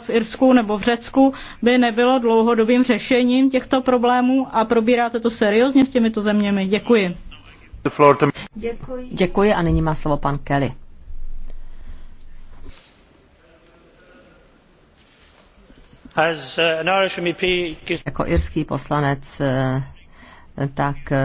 v Irsku nebo v Řecku by nebylo dlouhodobým řešením těchto problémů a probíráte to seriózně s těmito zeměmi. Děkuji. Děkuji. Děkuji a nyní má slovo pan Kelly. Uh, jako irský poslanec eh, tak eh,